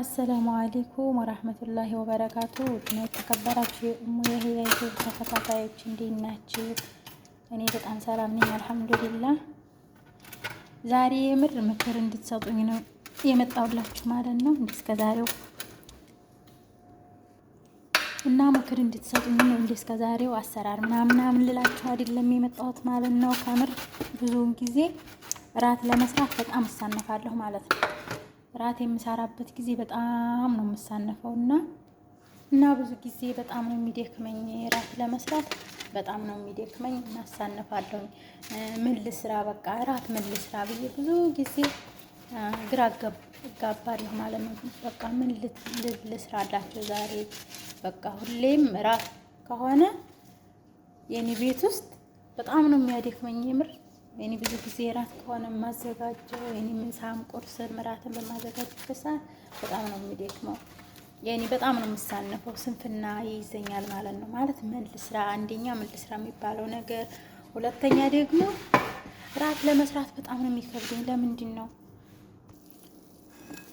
አሰላሙ አለይኩም ወራህመቱላሂ ወበረካቱ። ውድና የተከበራችሁ የእሙ የህይወት ተከታታዮች እንዴት ናችሁ? እኔ በጣም ሰላም ነኝ አልሐምዱሊላህ። ዛሬ የምር ምክር እንድትሰጡኝ ነው የመጣሁላችሁ ማለት ነው እስከ ዛሬው እና ምክር እንድትሰጡኝ ነው እንደ እስከ ዛሬው አሰራር ምናምን ምናምን ልላችሁ አይደለም የመጣሁት ማለት ነው። ከምር ብዙውን ጊዜ እራት ለመስራት በጣም እሳነፋለሁ ማለት ነው ራት የምሰራበት ጊዜ በጣም ነው የምሳነፈው እና እና ብዙ ጊዜ በጣም ነው የሚደክመኝ ራት ለመስራት በጣም ነው የሚደክመኝ እናሳነፋለሁኝ። ምን ልስራ በቃ ራት ምን ልስራ ብዬ ብዙ ጊዜ ግራ እጋባለሁ ማለት ነው። በቃ ምን ልስራ አላቸው ዛሬ በቃ ሁሌም ራት ከሆነ የኔ ቤት ውስጥ በጣም ነው የሚያደክመኝ የምር እኔ ብዙ ጊዜ ራት ከሆነ የማዘጋጀው እኔ ምሳም ቁርስ ምራትን በማዘጋጅበት ሰዓት በጣም ነው የሚደክመው። የኔ በጣም ነው የምሳነፈው፣ ስንፍና ይይዘኛል ማለት ነው። ማለት ምን ልስራ፣ አንደኛ ምን ልስራ የሚባለው ነገር፣ ሁለተኛ ደግሞ ራት ለመስራት በጣም ነው የሚከብደኝ። ለምንድን ነው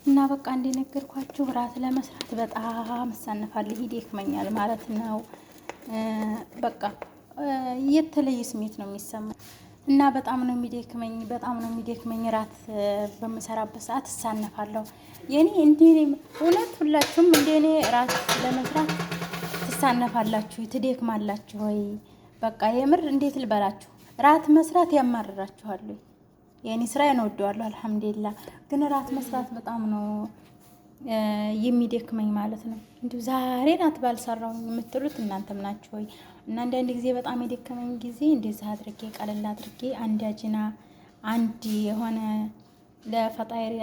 እና በቃ እንደነገርኳችሁ ራት ለመስራት በጣም እሳነፋለሁ፣ ይደክመኛል ማለት ነው። በቃ የተለየ ስሜት ነው የሚሰማ እና በጣም ነው የሚደክመኝ፣ በጣም ነው የሚደክመኝ። ራት በምሰራበት ሰዓት እሳነፋለሁ። የኔ እንዴ እውነት ሁላችሁም እንደኔ ራት ለመስራት ትሳነፋላችሁ፣ ትደክማላችሁ ወይ? በቃ የምር እንዴት ልበላችሁ፣ እራት መስራት ያማርራችኋል። የኔ ስራ እንወደዋለሁ፣ አልሐምዱሊላ። ግን ራት መስራት በጣም ነው የሚደክመኝ ማለት ነው። እንዲሁ ዛሬ ናት ባልሰራው የምትሉት እናንተም ናችሁ ወይ? እና አንዳንድ ጊዜ በጣም የደከመኝ ጊዜ እንደዚህ አድርጌ ቀለል አድርጌ አንድ አጅና አንድ የሆነ ለፈጣይር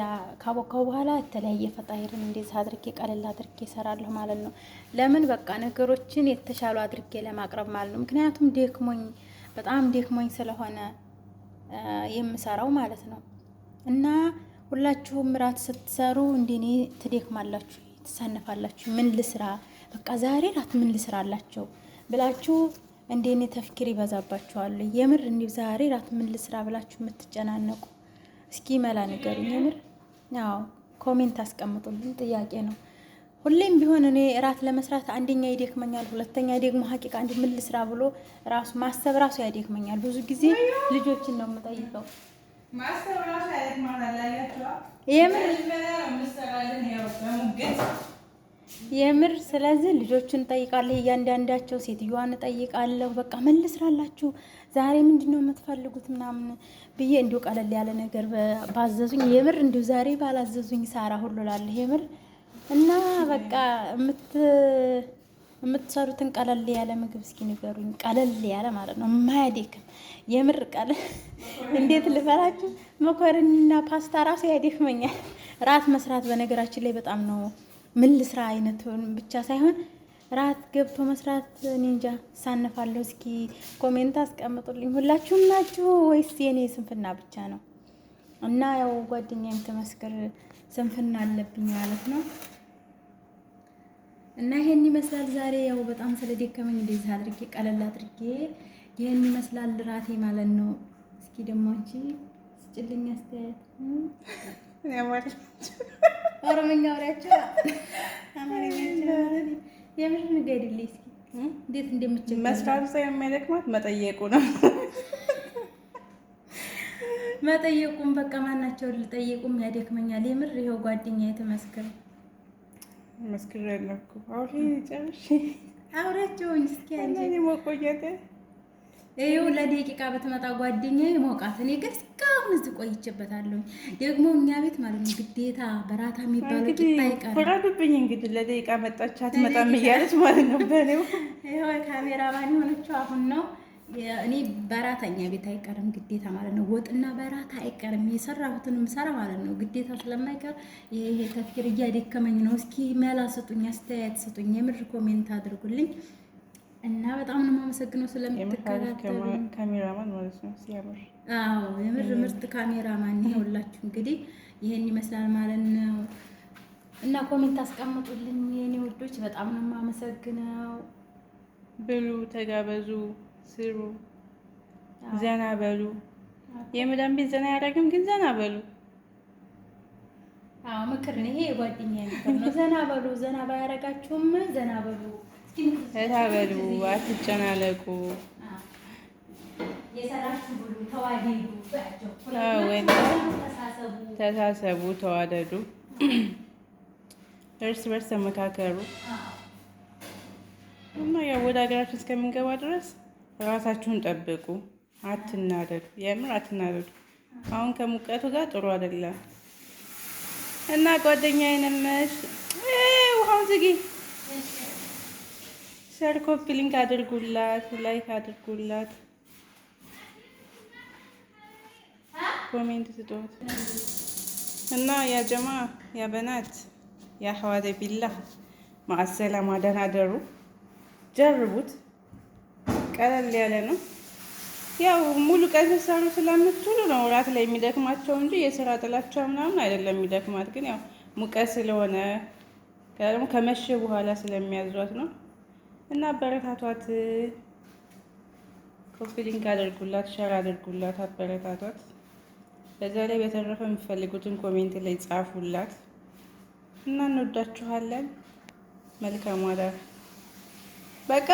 ካቦካው በኋላ የተለያየ ፈጣይርን እንደዚህ አድርጌ ቀለል አድርጌ እሰራለሁ ማለት ነው። ለምን በቃ ነገሮችን የተሻሉ አድርጌ ለማቅረብ ማለት ነው። ምክንያቱም ደክሞኝ በጣም ደክሞኝ ስለሆነ የምሰራው ማለት ነው እና ሁላችሁም ራት ስትሰሩ እንደኔ ትደክማላችሁ፣ ትሳነፋላችሁ። ምን ልስራ በቃ ዛሬ ራት ምን ልስራ አላቸው ብላችሁ እንደኔ ተፍኪር ይበዛባችኋል። የምር እንዲ ዛሬ ራት ምን ልስራ ብላችሁ የምትጨናነቁ እስኪ መላ ንገሩኝ። የምር ያው ኮሜንት አስቀምጡልኝ። ጥያቄ ነው። ሁሌም ቢሆን እኔ ራት ለመስራት አንደኛ ይደክመኛል፣ ሁለተኛ ደግሞ ሀቂቃ እንዲ ምን ልስራ ብሎ ራሱ ማሰብ ራሱ ያደክመኛል። ብዙ ጊዜ ልጆችን ነው የምጠይቀው የምር ስለዚህ ልጆቹን እንጠይቃለሁ እያንዳንዳቸው ሴትዮዋን እጠይቃለሁ። በቃ ምን ልስራላችሁ ዛሬ ምንድን ነው የምትፈልጉት ምናምን ብዬ እንዲሁ ቀለል ያለ ነገር ባዘዙኝ የምር እንዲሁ ዛሬ ባላዘዙኝ ሳራ ሁሉ ላለሁ የምር እና በቃ የምት የምትሰሩትን ቀለል ያለ ምግብ እስኪ ንገሩኝ። ቀለል ያለ ማለት ነው የማያደክም የምር ቀለል እንዴት ልበላችሁ፣ መኮረኒና ፓስታ ራሱ ያደክመኛል። ራት መስራት በነገራችን ላይ በጣም ነው ምን ልስራ አይነት ብቻ ሳይሆን ራት ገብቶ መስራት ኒንጃ ሳነፋለሁ። እስኪ ኮሜንት አስቀምጡልኝ ሁላችሁም ናችሁ ወይስ የኔ ስንፍና ብቻ ነው? እና ያው ጓደኛዬም ተመስገር ስንፍና አለብኝ ማለት ነው። እና ይሄን ይመስላል ዛሬ ያው በጣም ስለደከመኝ እንደዚህ አድርጌ ቀለል አድርጌ ይሄን ይመስላል ራቴ ማለት ነው። እስኪ ደግሞ አንቺ ስጭልኝ አስተያየት። ኦሮምኛ ወሬያቸው የምር ንገሪልኝ እስኪ እንዴት እንደምችል። መስራት ሳይሆን የሚያደክማት መጠየቁ ነው። መጠየቁም በቃ ማናቸውን ልጠየቁም ያደክመኛል። የምር ይኸው ጓደኛዬ ትመስክር መስክሬያለሁ አውሪ ጨርሽ አውሪያቸውኝ እስኪ አንቺ ሞቆየት ይኸው ለደቂቃ በተመጣ ጓደኛዬ ሞቃት። እኔ ግን እስካሁን እዚህ ቆይቼበታለሁ። ደግሞ እኛ ቤት ማለት ነው ግዴታ በራታ የሚባለው ቂጣ ይቀራል። ፍረዱብኝ እንግዲህ ለደቂቃ መጣች አትመጣም እያለች ማለት ነው። በእኔው ይኸው ካሜራ ባን የሆነችው አሁን ነው እኔ በራተኛ ቤት አይቀርም ግዴታ ማለት ነው። ወጥና በራታ አይቀርም የሰራሁትን ምሰራ ማለት ነው ግዴታ ስለማይቀር ይሄ ተፍኪር እያደከመኝ ነው። እስኪ መላ ስጡኝ፣ አስተያየት ስጡኝ፣ የምር ኮሜንት አድርጉልኝ እና በጣም ነው የማመሰግነው ስለምትከታተሉ ካሜራማን ማለት ነው። ሲያምር አዎ፣ የምር ምርጥ ካሜራማን ነው። ሁላችሁ እንግዲህ ይሄን ይመስላል ማለት ነው። እና ኮሜንት አስቀምጡልኝ የኔ ውዶች፣ በጣም ነው የማመሰግነው። ብሉ፣ ተጋበዙ። ስሩ፣ ዘና በሉ። የመዳም ቤት ዘና ያደረግም ግን ዘና በሉ። አዎ ምክር ነው ይሄ። የጓደኛ ነው። ዘና በሉ። ዘና ባያረጋችሁም ዘና በሉ፣ እታ በሉ፣ አትጨናነቁ። ተሳሰቡ፣ ተዋደዱ፣ እርስ በርስ ተመካከሩ እና ያው ወደ ሀገራችን እስከምንገባ ድረስ ራሳችሁን ጠብቁ። አትናደዱ፣ የምር አትናደዱ። አሁን ከሙቀቱ ጋር ጥሩ አይደለም እና ጓደኛ አይነመሽ ውሃውን ዝጊ። ሸር ኮፒ ሊንክ አድርጉላት፣ ላይክ አድርጉላት፣ ኮሜንት ስጡት እና ያ ጀማ ያ በናት ያ ሐዋደ ቢላ ማዕሰላማ ደህና ደሩ። ጀርቡት ቀለል ያለ ነው። ያው ሙሉ ቀን ስትሰሩ ስለምትውሉ ነው ወራት ላይ የሚደክማቸው እንጂ የስራ ጥላቻ ምናምን አይደለም የሚደክማት። ግን ያው ሙቀት ስለሆነ ደግሞ ከመሸ በኋላ ስለሚያዟት ነው እና አበረታቷት። ኮፊሊንግ አድርጉላት፣ ሸር አድርጉላት፣ አበረታቷት። በዛ ላይ በተረፈ የምትፈልጉትን ኮሜንት ላይ ጻፉላት እና እንወዳችኋለን። መልካም አዳር። በቃ